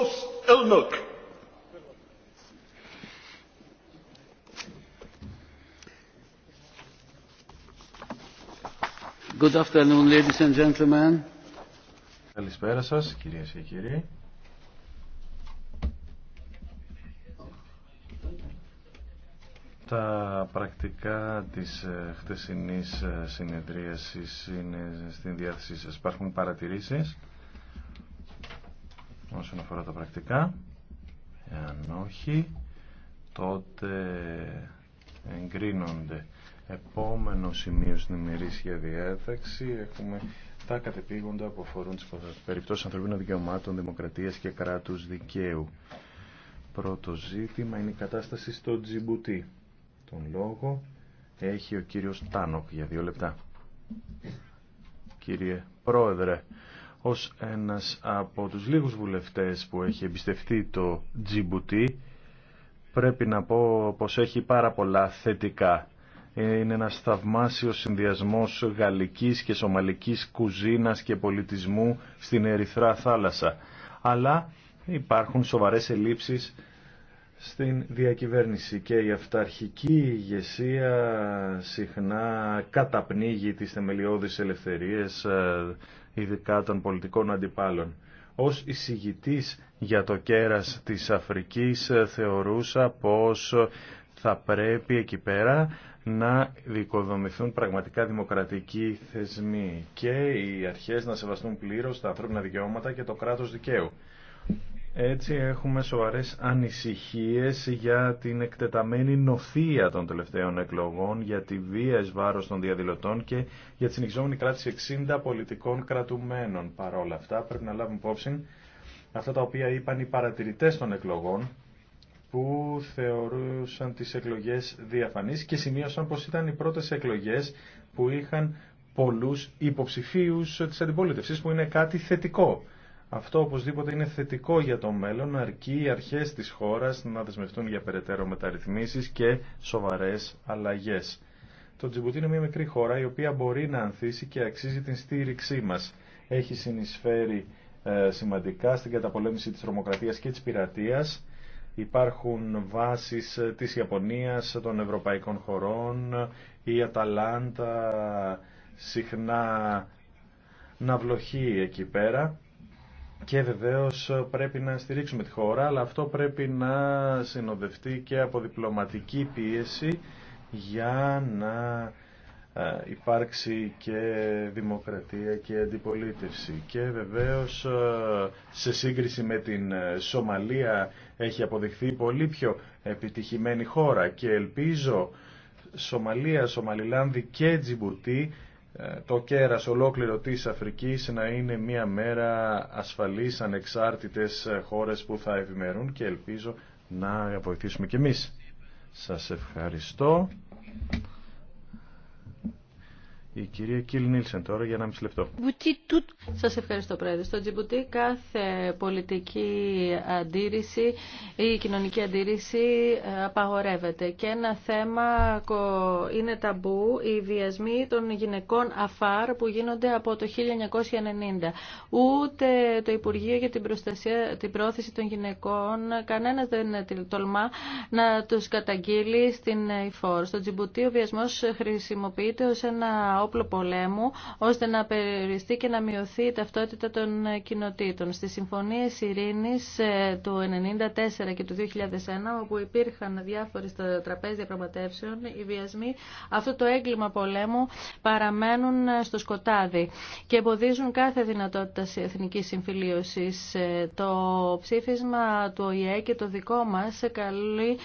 ως Ελνοκ. Good afternoon, ladies and gentlemen. Καλησπέρα σας, κυρίες και κύριοι. Τα πρακτικά της ε, χτεσινής ε, συνεδρίασης είναι στην διάθεσή σας. Υπάρχουν παρατηρήσεις όσον αφορά τα πρακτικά. Εάν όχι, τότε εγκρίνονται. Επόμενο σημείο στην ημερήσια διάταξη έχουμε τα κατεπήγοντα που αφορούν τις περιπτώσεις ανθρωπίνων δικαιωμάτων, δημοκρατίας και κράτους δικαίου. Πρώτο ζήτημα είναι η κατάσταση στο Τζιμπουτί. Τον λόγο έχει ο κύριος Τάνοκ για δύο λεπτά. Κύριε Πρόεδρε, ως ένας από τους λίγους βουλευτές που έχει εμπιστευτεί το Τζιμπουτί πρέπει να πω πως έχει πάρα πολλά θετικά. Ε, είναι ένας θαυμάσιος συνδυασμός γαλλικής και σομαλικής κουζίνας και πολιτισμού στην Ερυθρά θάλασσα. Αλλά υπάρχουν σοβαρές ελλείψεις στην διακυβέρνηση και η αυταρχική ηγεσία συχνά καταπνίγει τις θεμελιώδεις ελευθερίες ε, ειδικά των πολιτικών αντιπάλων. Ως εισηγητής για το κέρας της Αφρικής ε, θεωρούσα πως θα πρέπει εκεί πέρα να δικοδομηθούν πραγματικά δημοκρατικοί θεσμοί και οι αρχές να σεβαστούν πλήρως τα ανθρώπινα δικαιώματα και το κράτος δικαίου. Έτσι έχουμε σοβαρές ανησυχίες για την εκτεταμένη νοθεία των τελευταίων εκλογών, για τη βία εις βάρος των διαδηλωτών και για τη συνεχιζόμενη κράτηση 60 πολιτικών κρατουμένων. Παρ' όλα αυτά πρέπει να λάβουμε υπόψη αυτά τα οποία είπαν οι παρατηρητές των εκλογών που θεωρούσαν τις εκλογές διαφανείς και σημείωσαν πως ήταν οι πρώτες εκλογές που είχαν πολλούς υποψηφίους της αντιπολίτευσης που είναι κάτι θετικό. Αυτό οπωσδήποτε είναι θετικό για το μέλλον, αρκεί οι αρχές της χώρας να δεσμευτούν για περαιτέρω μεταρρυθμίσεις και σοβαρές αλλαγές. Το Τζιμπουτί είναι μια μικρή χώρα η οποία μπορεί να ανθίσει και αξίζει την στήριξή μας. Έχει συνεισφέρει ε, σημαντικά στην καταπολέμηση της τρομοκρατίας και της πειρατείας. Υπάρχουν βάσεις ε, της Ιαπωνίας, των ευρωπαϊκών χωρών, η Αταλάντα συχνά ναυλοχεί εκεί πέρα και βεβαίω πρέπει να στηρίξουμε τη χώρα, αλλά αυτό πρέπει να συνοδευτεί και από διπλωματική πίεση για να ε, υπάρξει και δημοκρατία και αντιπολίτευση. Και βεβαίως ε, σε σύγκριση με την ε, Σομαλία έχει αποδειχθεί πολύ πιο επιτυχημένη χώρα και ελπίζω Σομαλία, Σομαλιλάνδη και Τζιμπουτή ε, το κέρας ολόκληρο της Αφρικής να είναι μια μέρα ασφαλής, ανεξάρτητες ε, χώρες που θα ευημερούν και ελπίζω να βοηθήσουμε κι εμείς. Σας ευχαριστώ. Η κυρία Κίλ Νίλσεν τώρα για ένα μισή λεπτό. Σας ευχαριστώ πρόεδρε. Στο Τζιμπουτί κάθε πολιτική αντίρρηση ή κοινωνική αντίρρηση ε, απαγορεύεται. Και ένα θέμα είναι ταμπού οι βιασμοί των γυναικών αφάρ που γίνονται από το 1990. Ούτε το Υπουργείο για την, προστασία, την πρόθεση των γυναικών, κανένας δεν τολμά να του καταγγείλει στην ΕΙΦΟΡ. Στο Τζιμπουτί ο βιασμός χρησιμοποιείται ω ένα όπλο πολέμου, ώστε να περιοριστεί και να μειωθεί η ταυτότητα των κοινοτήτων. Στις συμφωνίες ειρήνης ε, του 1994 και του 2001, όπου υπήρχαν διάφορες τραπέζια τραπέζι διαπραγματεύσεων, οι βιασμοί, αυτό το έγκλημα πολέμου παραμένουν ε, στο σκοτάδι και εμποδίζουν κάθε δυνατότητα εθνικής συμφιλίωσης. Ε, το ψήφισμα του ΟΗΕ και το δικό μας καλεί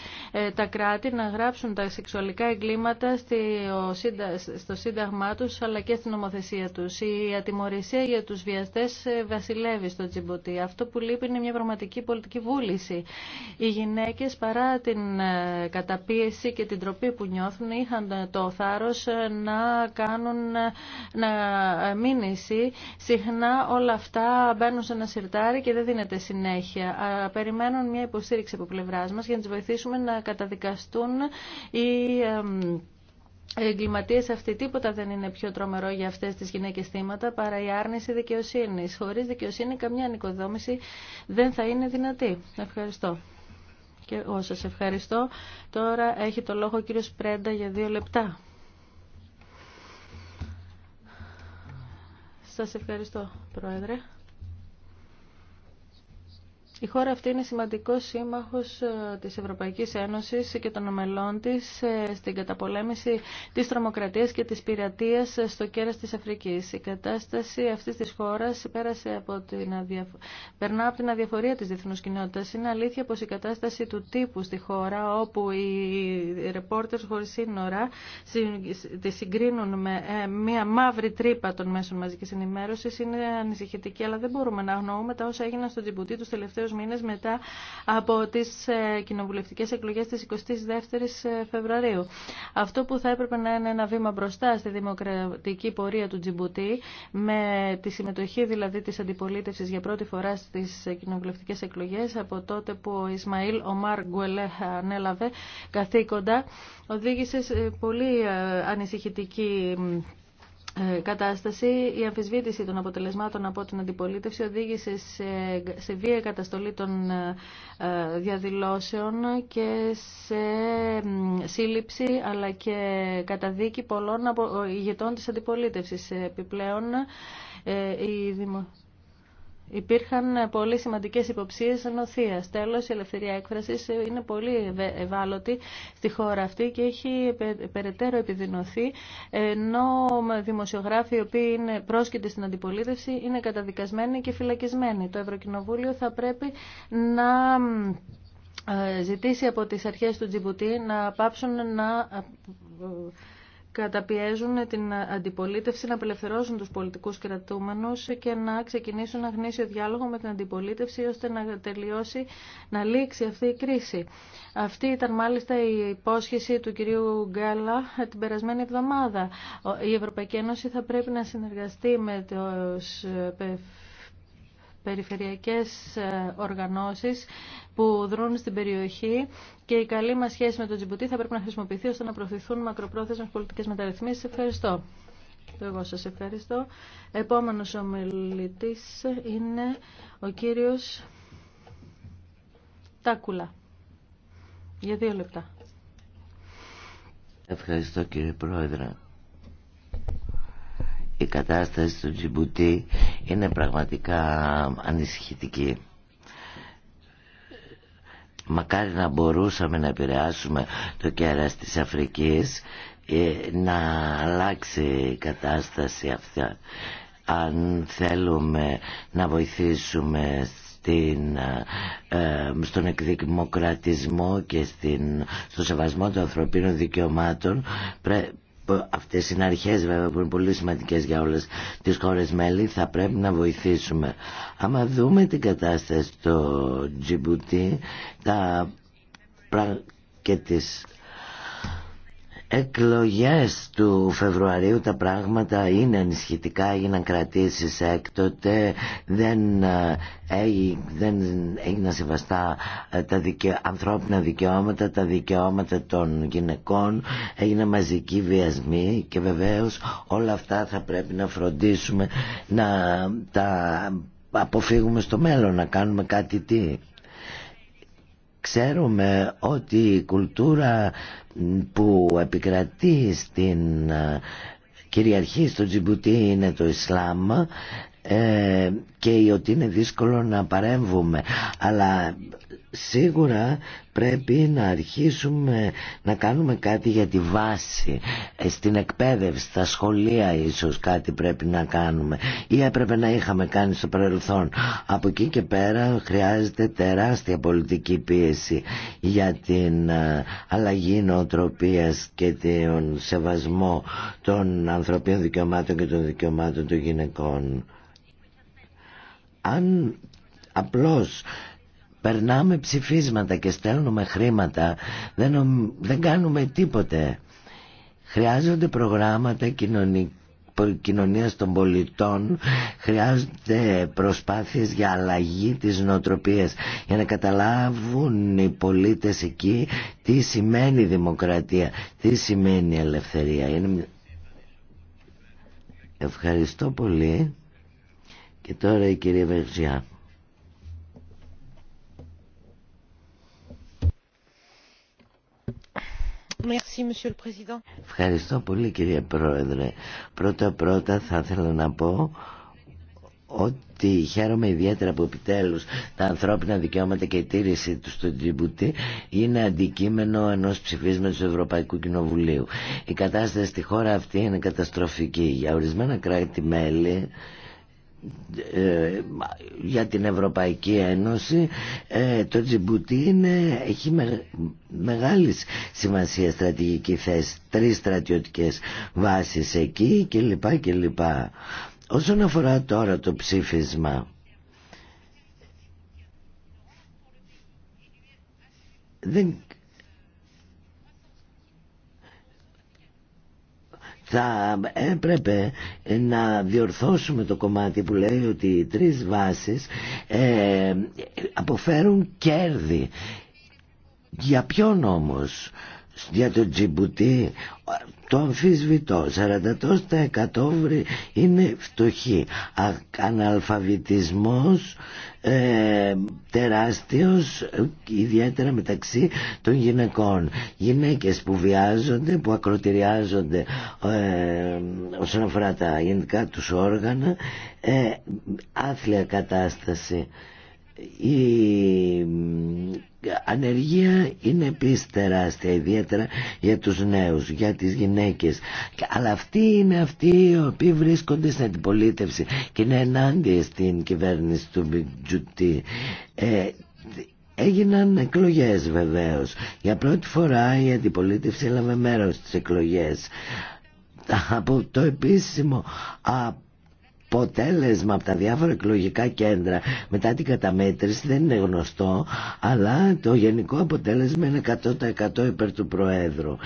τα κράτη να γράψουν τα σεξουαλικά εγκλήματα στο Σύνταγμα τους αλλά και στην ομοθεσία τους. Η ατιμορρησία για τους βιαστές ε, βασιλεύει στο τσιμποτή. Αυτό που λείπει είναι μια πραγματική πολιτική βούληση. Οι γυναίκες παρά την ε, καταπίεση και την τροπή που νιώθουν είχαν το θάρρος ε, να κάνουν να μήνυση. Συχνά όλα αυτά μπαίνουν σε ένα σιρτάρι και δεν δίνεται συνέχεια. Περιμένουν μια υποστήριξη από πλευρά μας για να τις βοηθήσουμε να καταδικαστούν οι εγκληματίε αυτοί. Τίποτα δεν είναι πιο τρομερό για αυτέ τι γυναίκε θύματα παρά η άρνηση δικαιοσύνη. Χωρί δικαιοσύνη, καμιά νοικοδόμηση δεν θα είναι δυνατή. Ευχαριστώ. Και εγώ σας ευχαριστώ. Τώρα έχει το λόγο ο κύριο Πρέντα για δύο λεπτά. Σας ευχαριστώ, Πρόεδρε. Η χώρα αυτή είναι σημαντικός σύμμαχος ε, της Ευρωπαϊκής Ένωσης και των ομελών της ε, στην καταπολέμηση της τρομοκρατίας και της πειρατείας ε, στο κέρας της Αφρικής. Η κατάσταση αυτής της χώρας πέρασε από την περνά από την αδιαφορία της διεθνούς κοινότητας. Είναι αλήθεια πως η κατάσταση του τύπου στη χώρα όπου οι ρεπόρτερς χωρίς σύνορα τη συγκρίνουν με μια μαύρη τρύπα των μέσων μαζικής ενημέρωσης είναι ανησυχητική, αλλά δεν μπορούμε να αγνοούμε τα όσα έγιναν στο Τζιμπουτί τους τελευταίους τρεις μήνες μετά από τις ε, κοινοβουλευτικές εκλογές της 22ης ε, Φεβρουαρίου. Αυτό που θα έπρεπε να είναι ένα βήμα μπροστά στη δημοκρατική πορεία του Τζιμπουτή, με τη συμμετοχή δηλαδή της αντιπολίτευσης για πρώτη φορά στις ε, κοινοβουλευτικές εκλογές από τότε που ο Ισμαήλ Ομάρ Γκουελέ ανέλαβε καθήκοντα, οδήγησε σε πολύ ανησυχητική ε, κατάσταση, η αμφισβήτηση των αποτελεσμάτων από την αντιπολίτευση οδήγησε σε, βία καταστολή των ε, διαδηλώσεων και σε σύλληψη αλλά και καταδίκη πολλών ε, ηγετών της αντιπολίτευσης. Επιπλέον, η δημο... Υπήρχαν πολύ σημαντικέ υποψίες νοθεία. Τέλο, η ελευθερία έκφραση είναι πολύ ευάλωτη στη χώρα αυτή και έχει περαιτέρω επιδεινωθεί, ενώ δημοσιογράφοι οι οποίοι είναι πρόσκειται στην αντιπολίτευση είναι καταδικασμένοι και φυλακισμένοι. Το Ευρωκοινοβούλιο θα πρέπει να ε, ζητήσει από τις αρχές του Τζιμπουτή να πάψουν να ε, καταπιέζουν την αντιπολίτευση να απελευθερώσουν τους πολιτικούς κρατούμενους και να ξεκινήσουν να ο διάλογο με την αντιπολίτευση ώστε να τελειώσει, να λήξει αυτή η κρίση. Αυτή ήταν μάλιστα η υπόσχεση του κυρίου Γκάλα την περασμένη εβδομάδα. Η Ευρωπαϊκή Ένωση θα πρέπει να συνεργαστεί με τους ε, περιφερειακές ε, οργανώσεις που δρούν στην περιοχή και η καλή μας σχέση με τον Τζιμπουτί θα πρέπει να χρησιμοποιηθεί ώστε να προωθηθούν μακροπρόθεσμες πολιτικές μεταρρυθμίσεις. Ευχαριστώ. Εγώ σας ευχαριστώ. Επόμενος ομιλητής είναι ο κύριος Τάκουλα. Για δύο λεπτά. Ευχαριστώ κύριε Πρόεδρε η κατάσταση του Τζιμπουτή είναι πραγματικά ανησυχητική. Μακάρι να μπορούσαμε να επηρεάσουμε το κέρας της Αφρικής ε, να αλλάξει η κατάσταση αυτή αν θέλουμε να βοηθήσουμε ε, στον εκδημοκρατισμό και στην, στο σεβασμό των ανθρωπίνων δικαιωμάτων αυτές είναι αρχές βέβαια που είναι πολύ σημαντικές για όλες τις χώρες μέλη θα πρέπει να βοηθήσουμε άμα δούμε την κατάσταση στο Τζιμπούτι τα και τις εκλογές του Φεβρουαρίου τα πράγματα είναι ενισχυτικά, έγιναν κρατήσεις έκτοτε, δεν, ε, δεν έγιναν σεβαστά ε, τα δικαι... ανθρώπινα δικαιώματα, τα δικαιώματα των γυναικών, έγιναν μαζικοί βιασμοί και βεβαίως όλα αυτά θα πρέπει να φροντίσουμε να τα αποφύγουμε στο μέλλον, να κάνουμε κάτι τι. Ξέρουμε ότι η κουλτούρα που επικρατεί στην ε, κυριαρχή στο Τζιμπουτί είναι το Ισλάμ ε, και ότι είναι δύσκολο να παρέμβουμε αλλά σίγουρα πρέπει να αρχίσουμε να κάνουμε κάτι για τη βάση ε, στην εκπαίδευση, στα σχολεία ίσως κάτι πρέπει να κάνουμε ή έπρεπε να είχαμε κάνει στο παρελθόν από εκεί και πέρα χρειάζεται τεράστια πολιτική πίεση για την ε, αλλαγή νοοτροπίας και τον σεβασμό των ανθρωπίνων δικαιωμάτων και των δικαιωμάτων των γυναικών αν απλώς περνάμε ψηφίσματα και στέλνουμε χρήματα δεν, δεν κάνουμε τίποτε χρειάζονται προγράμματα κοινωνικά κοινωνίας των πολιτών χρειάζονται προσπάθειες για αλλαγή της νοοτροπίας για να καταλάβουν οι πολίτες εκεί τι σημαίνει δημοκρατία τι σημαίνει ελευθερία ευχαριστώ πολύ και τώρα η κυρία Βερζιά. Ευχαριστώ πολύ κύριε Πρόεδρε. Πρώτα πρώτα θα ήθελα να πω ότι χαίρομαι ιδιαίτερα που επιτέλους τα ανθρώπινα δικαιώματα και η τήρηση του στο Τζιμπουτή είναι αντικείμενο ενός ψηφίσματος του Ευρωπαϊκού Κοινοβουλίου. Η κατάσταση στη χώρα αυτή είναι καταστροφική. Για ορισμένα κράτη-μέλη ε, για την Ευρωπαϊκή Ένωση ε, το Τζιμπουτί είναι, έχει με, μεγάλη σημασία στρατηγική θέση τρεις στρατιωτικές βάσεις εκεί κλπ κλπ όσον αφορά τώρα το ψήφισμα δεν θα ε, έπρεπε να διορθώσουμε το κομμάτι που λέει ότι οι τρεις βάσεις ε, αποφέρουν κέρδη. Για ποιον όμως για το Τζιμπουτί το αμφισβητώ 40% είναι φτωχή αναλφαβητισμός ε, τεράστιος ιδιαίτερα μεταξύ των γυναικών γυναίκες που βιάζονται που ακροτηριάζονται ε, όσον αφορά τα γενικά τους όργανα ε, άθλια κατάσταση η ανεργία είναι επίσης τεράστια ιδιαίτερα για τους νέους, για τις γυναίκες αλλά αυτοί είναι αυτοί οι οποίοι βρίσκονται στην αντιπολίτευση και είναι ενάντια στην κυβέρνηση του Μπιτζουτή ε, Έγιναν εκλογές βεβαίως. Για πρώτη φορά η αντιπολίτευση έλαβε μέρος στις εκλογές. Από το επίσημο, από αποτέλεσμα από τα διάφορα εκλογικά κέντρα μετά την καταμέτρηση δεν είναι γνωστό αλλά το γενικό αποτέλεσμα είναι 100% υπέρ του Προέδρου.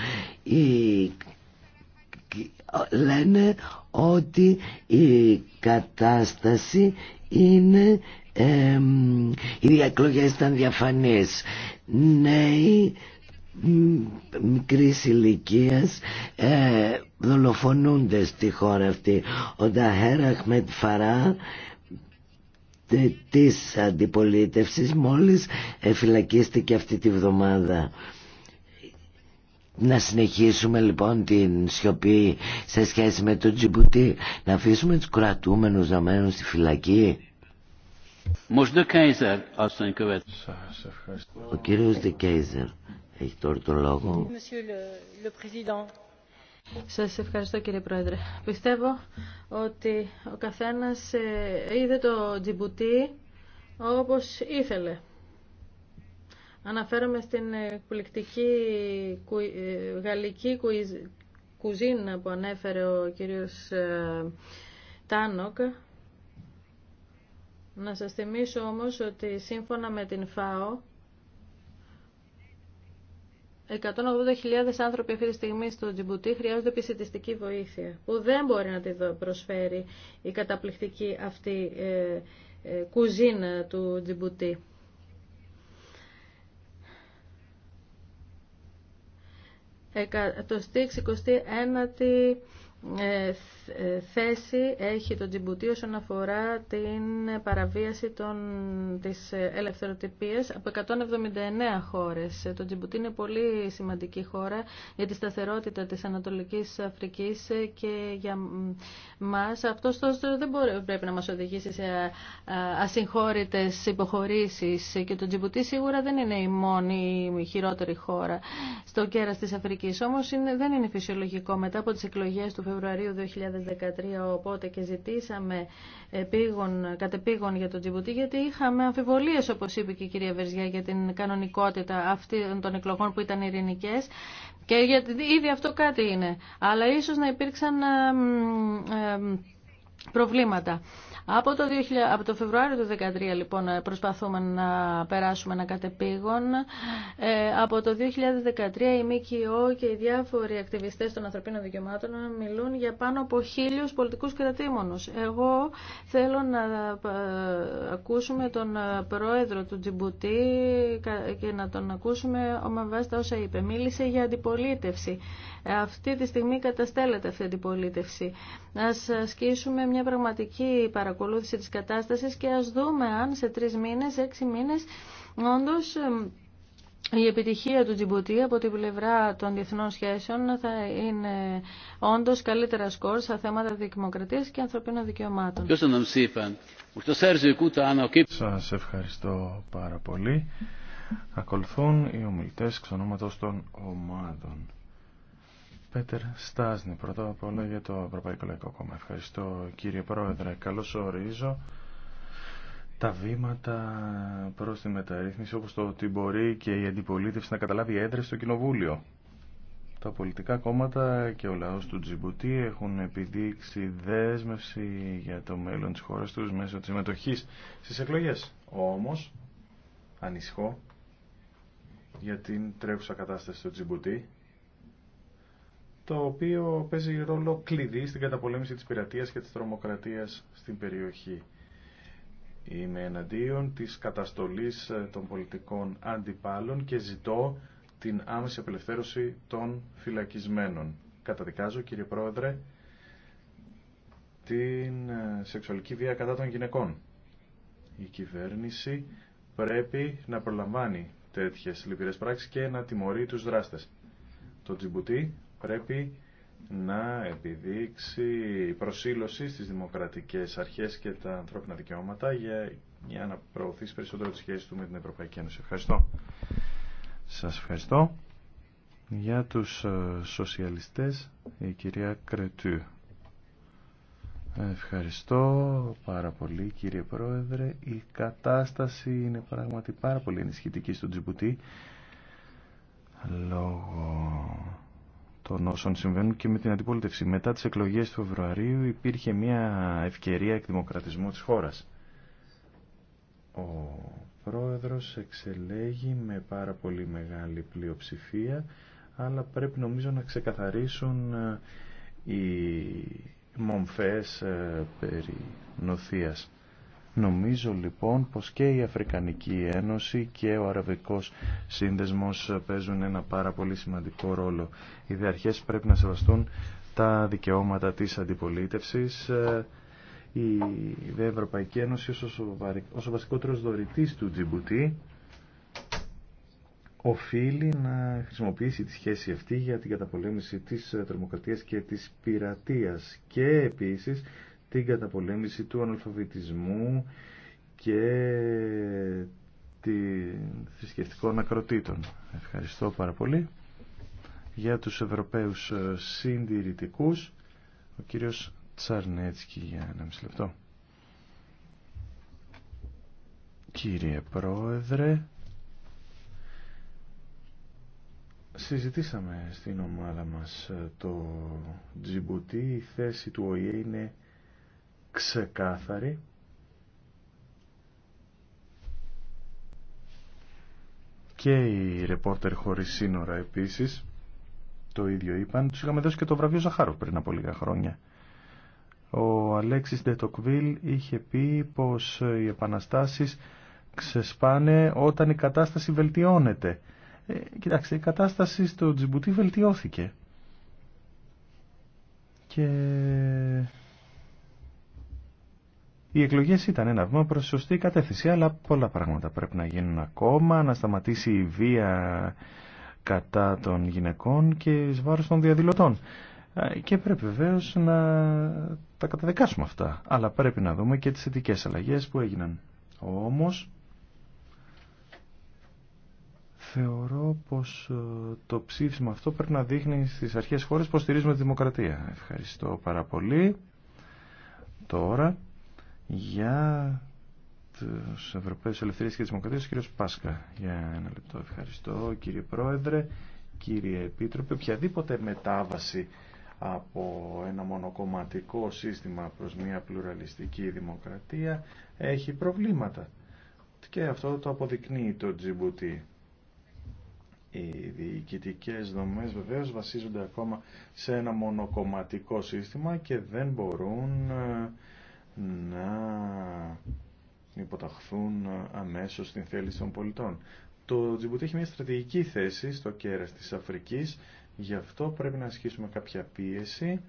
Λένε ότι η κατάσταση είναι... Ε, οι εκλογέ ήταν διαφανείς. Νέοι μικρής ηλικία ε, δολοφονούνται στη χώρα αυτή. Ο Νταχέρ Αχμετ Φαρά της αντιπολίτευσης μόλις φυλακίστηκε αυτή τη βδομάδα. Να συνεχίσουμε λοιπόν την σιωπή σε σχέση με τον Τζιμπουτή. να αφήσουμε τους κρατούμενους να μένουν στη φυλακή. Ο κύριος Δεκέιζερ. Σα ευχαριστώ κύριε Πρόεδρε. Πιστεύω ότι ο καθένας ε, είδε το Τζιμπουτί όπως ήθελε. Αναφέρομαι στην εκπληκτική ε, γαλλική κουζίνα που ανέφερε ο κύριος ε, Τάνοκ. Να σας θυμίσω όμως ότι σύμφωνα με την ΦΑΟ 180.000 άνθρωποι αυτή τη στιγμή στο Τζιμπουτί χρειάζονται επισητιστική βοήθεια που δεν μπορεί να τη προσφέρει η καταπληκτική αυτή ε, ε, κουζίνα του Τζιμπουτί. Το 21η ε, ε, θέση έχει το Τζιμπουτί όσον αφορά την παραβίαση των, της ελευθεροτυπίας από 179 χώρες. Το Τζιμπουτί είναι πολύ σημαντική χώρα για τη σταθερότητα της Ανατολικής Αφρικής και για μας αυτό δεν μπορεί, πρέπει να μας οδηγήσει σε ασυγχώρητες υποχωρήσεις και το Τζιμπουτί σίγουρα δεν είναι η μόνη η χειρότερη χώρα στο κέρας της Αφρικής. Όμως δεν είναι φυσιολογικό μετά από τις εκλογές του Φεβρουαρίου 2013 οπότε και ζητήσαμε επίγον, κατεπήγον για το Τζιμπουτί γιατί είχαμε αμφιβολίες όπως είπε και η κυρία Βερζιά για την κανονικότητα αυτών των εκλογών που ήταν ειρηνικέ και γιατί ήδη αυτό κάτι είναι αλλά ίσως να υπήρξαν προβλήματα. Από το, 2000, από Φεβρουάριο του 2013 λοιπόν προσπαθούμε να περάσουμε ένα κατεπήγον. Ε, από το 2013 η ΜΚΟ και οι διάφοροι ακτιβιστές των ανθρωπίνων δικαιωμάτων μιλούν για πάνω από χίλιους πολιτικούς κρατήμονους. Εγώ θέλω να ε, ακούσουμε τον πρόεδρο του Τζιμπουτή και να τον ακούσουμε με όσα είπε. Μίλησε για αντιπολίτευση. Ε, αυτή τη στιγμή καταστέλλεται αυτή η αντιπολίτευση. Να ασκήσουμε μια πραγματική παραγωγή παρακολούθηση της κατάστασης και ας δούμε αν σε τρεις μήνες, έξι μήνες όντως η επιτυχία του Τζιμπουτή από την πλευρά των διεθνών σχέσεων θα είναι όντως καλύτερα σκορ σε θέματα δημοκρατίας και ανθρωπίνων δικαιωμάτων. Σας ευχαριστώ πάρα πολύ. Ακολουθούν οι ομιλητές εξ των ομάδων. Πέτερ Στάσνη, πρώτα απ' όλα για το Ευρωπαϊκό Λαϊκό Κόμμα. Ευχαριστώ κύριε Πρόεδρε. Καλώς ορίζω τα βήματα προς τη μεταρρύθμιση όπως το ότι μπορεί και η αντιπολίτευση να καταλάβει έντρες στο Κοινοβούλιο. Τα πολιτικά κόμματα και ο λαός του Τζιμπουτή έχουν επιδείξει δέσμευση για το μέλλον της χώρας τους μέσω της συμμετοχή στις εκλογές. Όμως, ανησυχώ για την τρέχουσα κατάσταση του Τζιμπουτή το οποίο παίζει ρόλο κλειδί στην καταπολέμηση της πειρατείας και της τρομοκρατίας στην περιοχή. Είμαι εναντίον της καταστολής ε, των πολιτικών αντιπάλων και ζητώ την άμεση απελευθέρωση των φυλακισμένων. Καταδικάζω, κύριε Πρόεδρε, την ε, σεξουαλική βία κατά των γυναικών. Η κυβέρνηση πρέπει να προλαμβάνει τέτοιες λυπηρές πράξεις και να τιμωρεί τους δράστες. Το Τζιμπουτί πρέπει να επιδείξει προσήλωση στις δημοκρατικές αρχές και τα ανθρώπινα δικαιώματα για, να προωθήσει περισσότερο τις σχέση του με την Ευρωπαϊκή Ένωση. Ευχαριστώ. Σας ευχαριστώ. Για τους ε, σοσιαλιστές, η κυρία Κρετού. Ευχαριστώ πάρα πολύ κύριε Πρόεδρε. Η κατάσταση είναι πράγματι πάρα πολύ ενισχυτική στο Τζιμπουτί των όσων συμβαίνουν και με την αντιπολίτευση. Μετά τις εκλογές του Φεβρουαρίου υπήρχε μια ευκαιρία εκδημοκρατισμού της χώρας. Ο πρόεδρος εξελέγει με πάρα πολύ μεγάλη πλειοψηφία, αλλά πρέπει νομίζω να ξεκαθαρίσουν ε, οι μομφές ε, περί νοθείας. Νομίζω λοιπόν πως και η Αφρικανική Ένωση και ο Αραβικός Σύνδεσμος παίζουν ένα πάρα πολύ σημαντικό ρόλο. Οι διαρχές πρέπει να σεβαστούν τα δικαιώματα της αντιπολίτευσης. Η Ευρωπαϊκή Ένωση ως ο βασικότερος δωρητής του Τζιμπουτή οφείλει να χρησιμοποιήσει τη σχέση αυτή για την καταπολέμηση της τρομοκρατίας και της πειρατείας και επίσης την καταπολέμηση του αναλφαβητισμού και τη θρησκευτικών ακροτήτων. Ευχαριστώ πάρα πολύ. Για τους Ευρωπαίους ε, συντηρητικούς, ο κύριος Τσαρνέτσκι για ένα μισή λεπτό. Κύριε Πρόεδρε, συζητήσαμε στην ομάδα μας ε, το Τζιμπουτί, η θέση του ΟΗΕ είναι ξεκάθαρη και οι ρεπόρτερ χωρίς σύνορα επίσης το ίδιο είπαν. Τους είχαμε δώσει και το βραβείο ζαχάρο πριν από λίγα χρόνια. Ο Αλέξης Ντετοκβίλ είχε πει πως οι επαναστάσεις ξεσπάνε όταν η κατάσταση βελτιώνεται. Ε, κοιτάξτε, η κατάσταση στο Τζιμπουτί βελτιώθηκε. Και οι εκλογές ήταν ένα βήμα προς σωστή κατεύθυνση, αλλά πολλά πράγματα πρέπει να γίνουν ακόμα, να σταματήσει η βία κατά των γυναικών και ει βάρο των διαδηλωτών. Και πρέπει βεβαίω να τα καταδικάσουμε αυτά, αλλά πρέπει να δούμε και τις θετικέ αλλαγέ που έγιναν. Όμως, θεωρώ πως ε, το ψήφισμα αυτό πρέπει να δείχνει στι αρχέ χώρε πω στηρίζουμε τη δημοκρατία. Ευχαριστώ πάρα πολύ. Τώρα για τους Ευρωπαίους Ελευθερίες και ο κύριος Πάσκα. Για ένα λεπτό ευχαριστώ κύριε Πρόεδρε, κύριε Επίτροπε. Οποιαδήποτε μετάβαση από ένα μονοκομματικό σύστημα προς μια πλουραλιστική δημοκρατία έχει προβλήματα. Και αυτό το αποδεικνύει το Τζιμπούτι. Οι διοικητικέ δομές βεβαίως βασίζονται ακόμα σε ένα μονοκομματικό σύστημα και δεν μπορούν ε, να υποταχθούν αμέσως στην θέληση των πολιτών. Το Τζιμπούτι έχει μια στρατηγική θέση στο κέρας της Αφρικής, γι' αυτό πρέπει να ασκήσουμε κάποια πίεση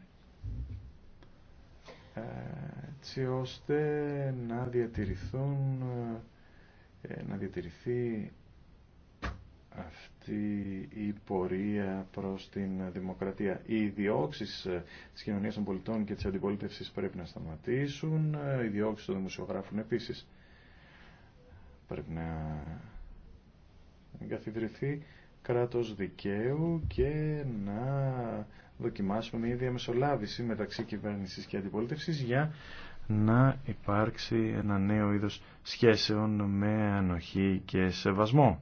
έτσι ώστε να διατηρηθούν ε, να διατηρηθεί αυτή η πορεία προς την δημοκρατία. Οι διώξεις ε, της κοινωνίας των πολιτών και της αντιπολίτευσης πρέπει να σταματήσουν, ε, οι διώξεις των δημοσιογράφων επίσης πρέπει να εγκαθιδρυθεί κράτος δικαίου και να δοκιμάσουμε μια διαμεσολάβηση μεταξύ κυβέρνησης και αντιπολίτευσης για να υπάρξει ένα νέο είδος σχέσεων με ανοχή και σεβασμό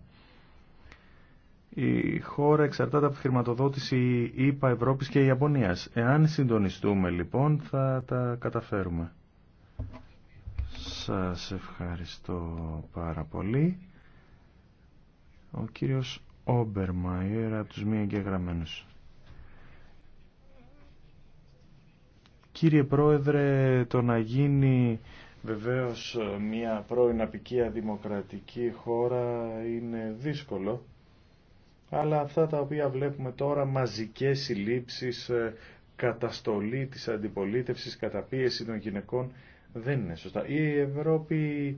η χώρα εξαρτάται από τη χρηματοδότηση ΙΠΑ Ευρώπης και Ιαπωνίας. Εάν συντονιστούμε λοιπόν θα τα καταφέρουμε. Σας ευχαριστώ πάρα πολύ. Ο κύριος Όμπερμαϊερ από τους μη εγγεγραμμένους. Κύριε Πρόεδρε, το να γίνει βεβαίως μια πρώην απικία δημοκρατική χώρα είναι δύσκολο αλλά αυτά τα οποία βλέπουμε τώρα, μαζικές συλλήψεις, ε, καταστολή της αντιπολίτευσης, καταπίεση των γυναικών, δεν είναι σωστά. Η Ευρώπη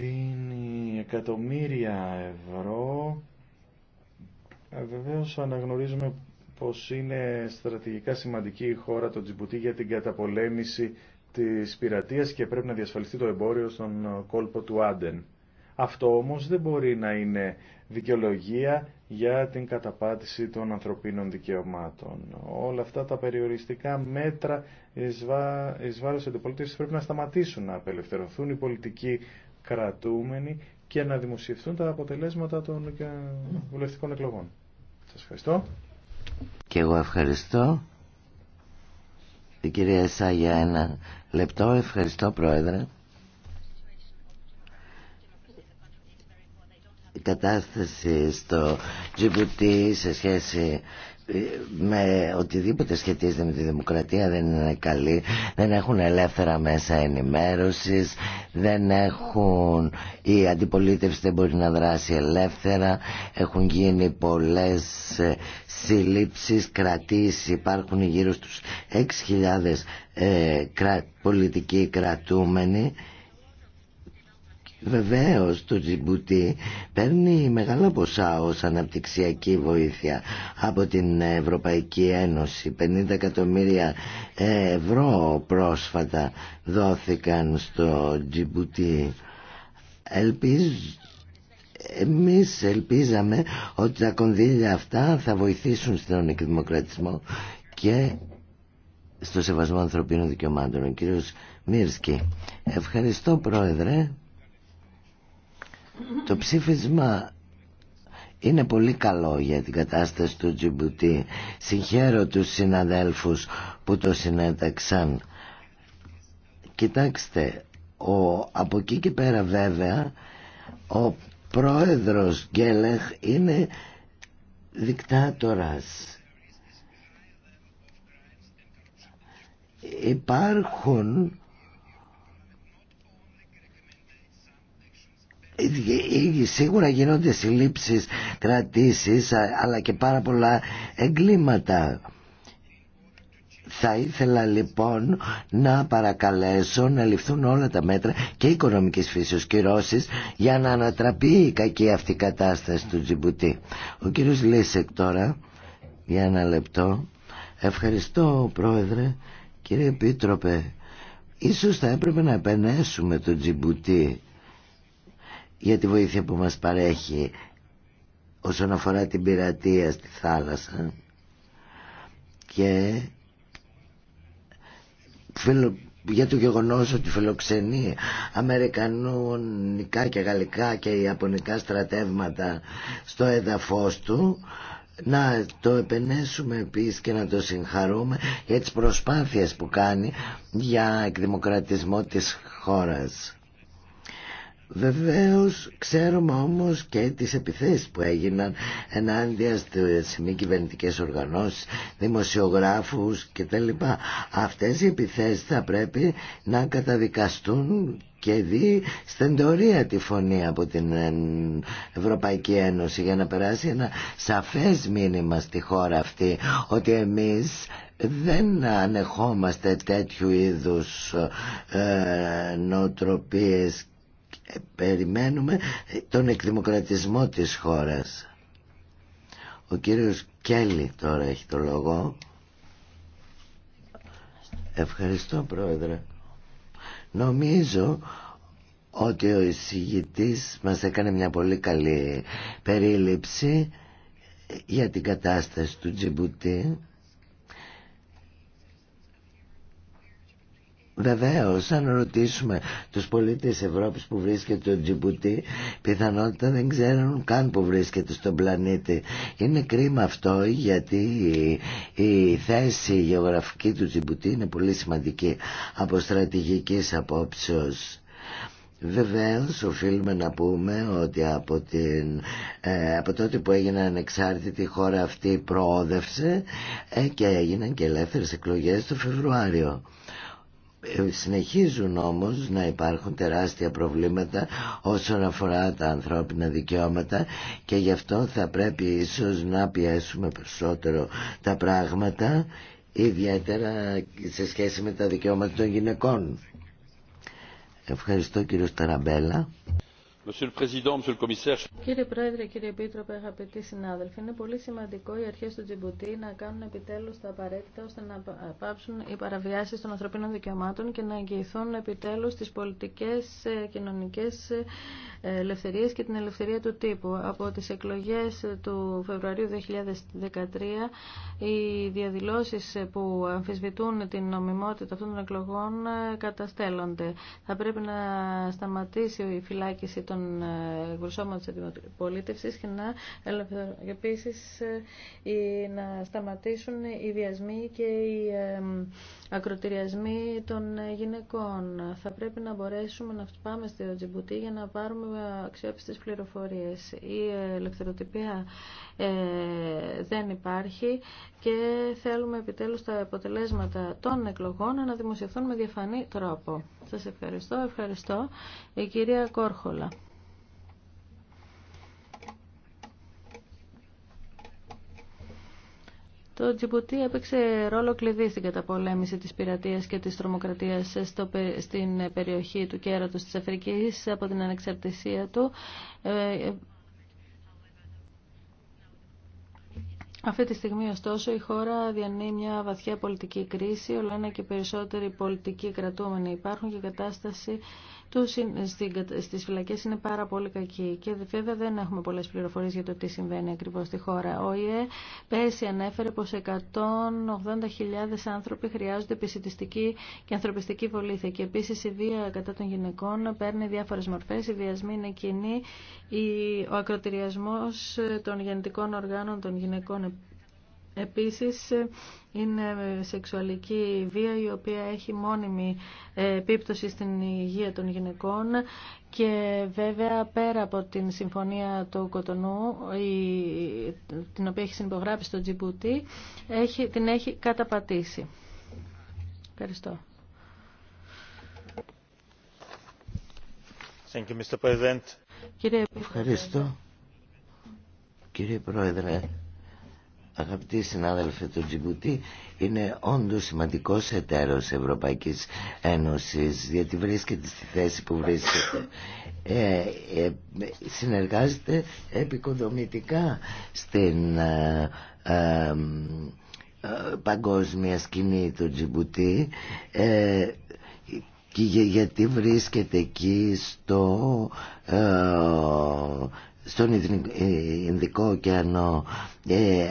δίνει εκατομμύρια ευρώ. Ε, βεβαίως αναγνωρίζουμε πως είναι στρατηγικά σημαντική η χώρα το Τζιμπουτί για την καταπολέμηση της πειρατείας και πρέπει να διασφαλιστεί το εμπόριο στον κόλπο του Άντεν. Αυτό όμως δεν μπορεί να είναι δικαιολογία για την καταπάτηση των ανθρωπίνων δικαιωμάτων. Όλα αυτά τα περιοριστικά μέτρα εις, βάρος πρέπει να σταματήσουν να απελευθερωθούν οι πολιτικοί κρατούμενοι και να δημοσιευθούν τα αποτελέσματα των βουλευτικών εκλογών. Σας ευχαριστώ. Και εγώ ευχαριστώ. Η κυρία Σάγια ένα λεπτό. Ευχαριστώ πρόεδρε. Η κατάσταση στο Τζιμπουτί σε σχέση ε, με οτιδήποτε σχετίζεται με τη δημοκρατία δεν είναι καλή δεν έχουν ελεύθερα μέσα ενημέρωσης δεν έχουν η αντιπολίτευση δεν μπορεί να δράσει ελεύθερα έχουν γίνει πολλές ε, συλλήψεις, κρατήσεις υπάρχουν γύρω στους 6.000 ε, πολιτικοί κρατούμενοι Βεβαίω το Τζιμπουτί παίρνει μεγάλα ποσά ω αναπτυξιακή βοήθεια από την Ευρωπαϊκή Ένωση. 50 εκατομμύρια ευρώ πρόσφατα δόθηκαν στο Τζιμπουτί. Ελπίζω εμείς ελπίζαμε ότι τα κονδύλια αυτά θα βοηθήσουν στον εκδημοκρατισμό και στο σεβασμό ανθρωπίνων δικαιωμάτων. Ο κύριος Μύρσκι. Ευχαριστώ πρόεδρε. Το ψήφισμα είναι πολύ καλό για την κατάσταση του Τζιμπουτί. Συγχαίρω τους συναδέλφους που το συνέταξαν. Κοιτάξτε, ο, από εκεί και πέρα βέβαια, ο πρόεδρος Γκέλεχ είναι δικτάτορας. Υπάρχουν σίγουρα γίνονται συλλήψεις, κρατήσεις αλλά και πάρα πολλά εγκλήματα. Θα ήθελα λοιπόν να παρακαλέσω να ληφθούν όλα τα μέτρα και οικονομικής φύσεως κυρώσεις για να ανατραπεί η κακή αυτή κατάσταση του Τζιμπουτή. Ο κύριος Λίσεκ τώρα, για ένα λεπτό. Ευχαριστώ πρόεδρε, κύριε Επίτροπε. Ίσως θα έπρεπε να επενέσουμε τον Τζιμπουτή για τη βοήθεια που μας παρέχει όσον αφορά την πειρατεία στη θάλασσα και για το γεγονός ότι φιλοξενεί αμερικανικά και γαλλικά και ιαπωνικά στρατεύματα στο έδαφος του να το επενέσουμε επίσης και να το συγχαρούμε για τις προσπάθειες που κάνει για εκδημοκρατισμό της χώρας. Βεβαίως ξέρουμε όμως και τις επιθέσεις που έγιναν ενάντια στις μη κυβερνητικέ οργανώσεις, δημοσιογράφους κτλ. Αυτές οι επιθέσεις θα πρέπει να καταδικαστούν και δει στεντορία τη φωνή από την Ευρωπαϊκή Ένωση για να περάσει ένα σαφές μήνυμα στη χώρα αυτή ότι εμείς δεν ανεχόμαστε τέτοιου είδους ε, νοοτροπίες περιμένουμε τον εκδημοκρατισμό της χώρας. Ο κύριος Κέλλη τώρα έχει το λόγο. Ευχαριστώ πρόεδρε. Νομίζω ότι ο εισηγητής μας έκανε μια πολύ καλή περίληψη για την κατάσταση του Τζιμπουτή Βεβαίως, αν ρωτήσουμε τους πολίτες Ευρώπης που βρίσκεται το Τζιμπουτή πιθανότητα δεν ξέρουν καν που βρίσκεται στον πλανήτη. Είναι κρίμα αυτό γιατί η, θέση γεωγραφική του Τζιμπουτή είναι πολύ σημαντική από στρατηγικής απόψεως. Βεβαίως οφείλουμε να πούμε ότι από, την, ε, τότε που έγινε ανεξάρτητη η χώρα αυτή προόδευσε ε, και έγιναν και ελεύθερες εκλογές το Φεβρουάριο. Ε, συνεχίζουν όμως να υπάρχουν τεράστια προβλήματα όσον αφορά τα ανθρώπινα δικαιώματα και γι' αυτό θα πρέπει ίσως να πιέσουμε περισσότερο τα πράγματα ιδιαίτερα σε σχέση με τα δικαιώματα των γυναικών. Ευχαριστώ κύριο Σταραμπέλα. Κύριε Πρόεδρε, κύριε Επίτροπε, αγαπητοί συνάδελφοι, είναι πολύ σημαντικό οι αρχέ του Τζιμπουτί να κάνουν επιτέλου τα απαραίτητα ώστε να πάψουν οι παραβιάσει των ανθρωπίνων δικαιωμάτων και να εγγυηθούν επιτέλου τι πολιτικέ, ε, κοινωνικέ ε, ελευθερίε και την ελευθερία του τύπου. Από τι εκλογέ του Φεβρουαρίου 2013, οι διαδηλώσει που αμφισβητούν την νομιμότητα αυτών των εκλογών ε, καταστέλλονται. Θα πρέπει να σταματήσει η των εκπροσώπων τη αντιπολίτευσης και να, επίσης, ε, να σταματήσουν οι βιασμοί και οι ε, ακροτηριασμοί των ε, γυναικών. Θα πρέπει να μπορέσουμε να πάμε στο Τζιμπουτί για να πάρουμε αξιόπιστες πληροφορίες. Η ελευθεροτυπία δεν υπάρχει και θέλουμε επιτέλους τα αποτελέσματα των εκλογών να δημοσιευθούν με διαφανή τρόπο. Σας ευχαριστώ, ευχαριστώ. Η κυρία Κόρχολα. Το Τζιμπουτί έπαιξε ρόλο κλειδί στην καταπολέμηση της πειρατείας και της τρομοκρατίας στο, στην περιοχή του κέρατος της Αφρικής από την ανεξαρτησία του. Ε, Αυτή τη στιγμή, ωστόσο, η χώρα διανύει μια βαθιά πολιτική κρίση. Όλο ένα και περισσότεροι πολιτικοί κρατούμενοι υπάρχουν και η κατάσταση του στις φυλακές είναι πάρα πολύ κακή και βέβαια δεν έχουμε πολλές πληροφορίες για το τι συμβαίνει ακριβώς στη χώρα. Ο ΙΕ πέρσι ανέφερε πως 180.000 άνθρωποι χρειάζονται επισητιστική και ανθρωπιστική βοήθεια και επίσης η βία κατά των γυναικών παίρνει διάφορες μορφές, η βιασμή είναι κοινή, ο ακροτηριασμός των γεννητικών οργάνων των γυναικών Επίσης είναι σεξουαλική βία η οποία έχει μόνιμη επίπτωση στην υγεία των γυναικών και βέβαια πέρα από την συμφωνία του Κοτονού την οποία έχει συνυπογράψει το Τζιμπούτι έχει, την έχει καταπατήσει. Ευχαριστώ. Thank you, Mr. Ευχαριστώ. Κύριε Πρόεδρε, Αγαπητοί συνάδελφοι του Τζιμπουτή είναι όντως σημαντικός εταίρο Ευρωπαϊκή Ένωσης, γιατί βρίσκεται στη θέση που βρίσκεται. Ε, ε, συνεργάζεται επικοδομητικά στην ε, ε, ε, παγκόσμια σκηνή του Τζιμπουτί και γιατί βρίσκεται εκεί στο στον ε, Ινδικό ωκεανό ε,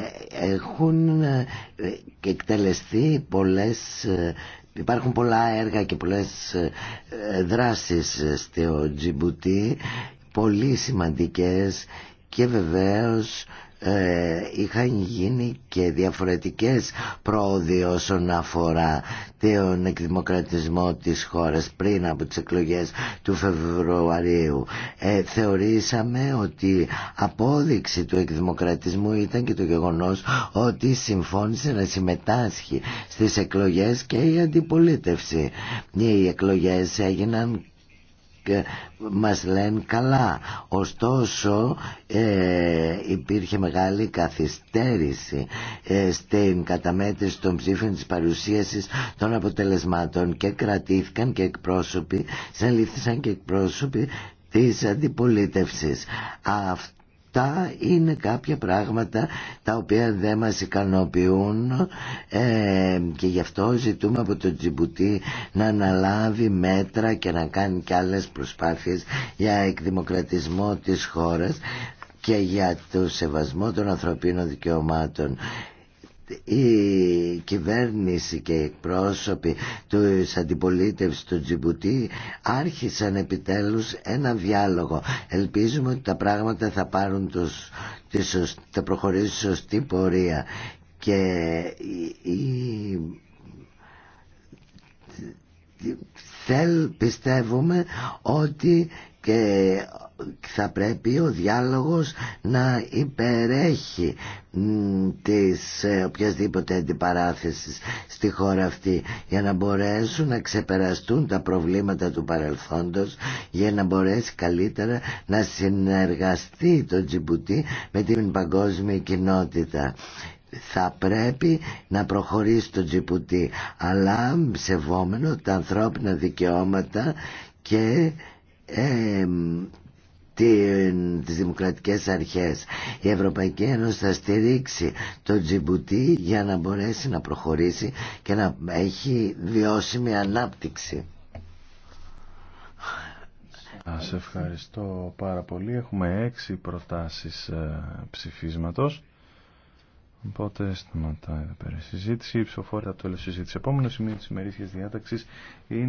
έχουν ε, εκτελεστεί πολλές ε, Υπάρχουν πολλά έργα και πολλές δράσεις στο Τζιμπουτί, πολύ σημαντικές και βεβαίως ε, είχαν γίνει και διαφορετικές πρόοδοι όσον αφορά τον εκδημοκρατισμό της χώρας πριν από τις εκλογές του Φεβρουαρίου. Ε, θεωρήσαμε ότι απόδειξη του εκδημοκρατισμού ήταν και το γεγονός ότι συμφώνησε να συμμετάσχει στις εκλογές και η αντιπολίτευση. Οι εκλογές έγιναν μας λένε καλά. Ωστόσο ε, υπήρχε μεγάλη καθυστέρηση ε, στην καταμέτρηση των ψήφων της παρουσίασης των αποτελεσμάτων και κρατήθηκαν και εκπρόσωποι, συνελήφθησαν και εκπρόσωποι της αντιπολίτευσης. Αυτό αυτά είναι κάποια πράγματα τα οποία δεν μας ικανοποιούν ε, και γι' αυτό ζητούμε από τον Τζιμπουτί να αναλάβει μέτρα και να κάνει και άλλες προσπάθειες για εκδημοκρατισμό της χώρας και για το σεβασμό των ανθρωπίνων δικαιωμάτων η κυβέρνηση και οι εκπρόσωποι του αντιπολίτευση του Τζιμπουτή άρχισαν επιτέλους ένα διάλογο. Ελπίζουμε ότι τα πράγματα θα πάρουν τους, τις, θα προχωρήσει σωστή πορεία και η, θέλ, πιστεύουμε ότι και θα πρέπει ο διάλογος να υπερέχει της ε, οποιασδήποτε αντιπαράθεσης στη χώρα αυτή για να μπορέσουν να ξεπεραστούν τα προβλήματα του παρελθόντος για να μπορέσει καλύτερα να συνεργαστεί το Τζιμπουτί με την παγκόσμια κοινότητα θα πρέπει να προχωρήσει το Τζιμπουτί αλλά σεβόμενο τα ανθρώπινα δικαιώματα και ε, τις δημοκρατικές αρχές. Η Ευρωπαϊκή Ένωση θα στηρίξει το Τζιμπουτί για να μπορέσει να προχωρήσει και να έχει βιώσιμη ανάπτυξη. Σας ευχαριστώ πάρα πολύ. Έχουμε έξι προτάσεις ε, ψηφίσματος. Οπότε σταματάει εδώ πέρα η συζήτηση. Η ψηφοφόρα από το τέλο τη συζήτηση. Επόμενο σημείο τη ημερήσια διάταξη είναι.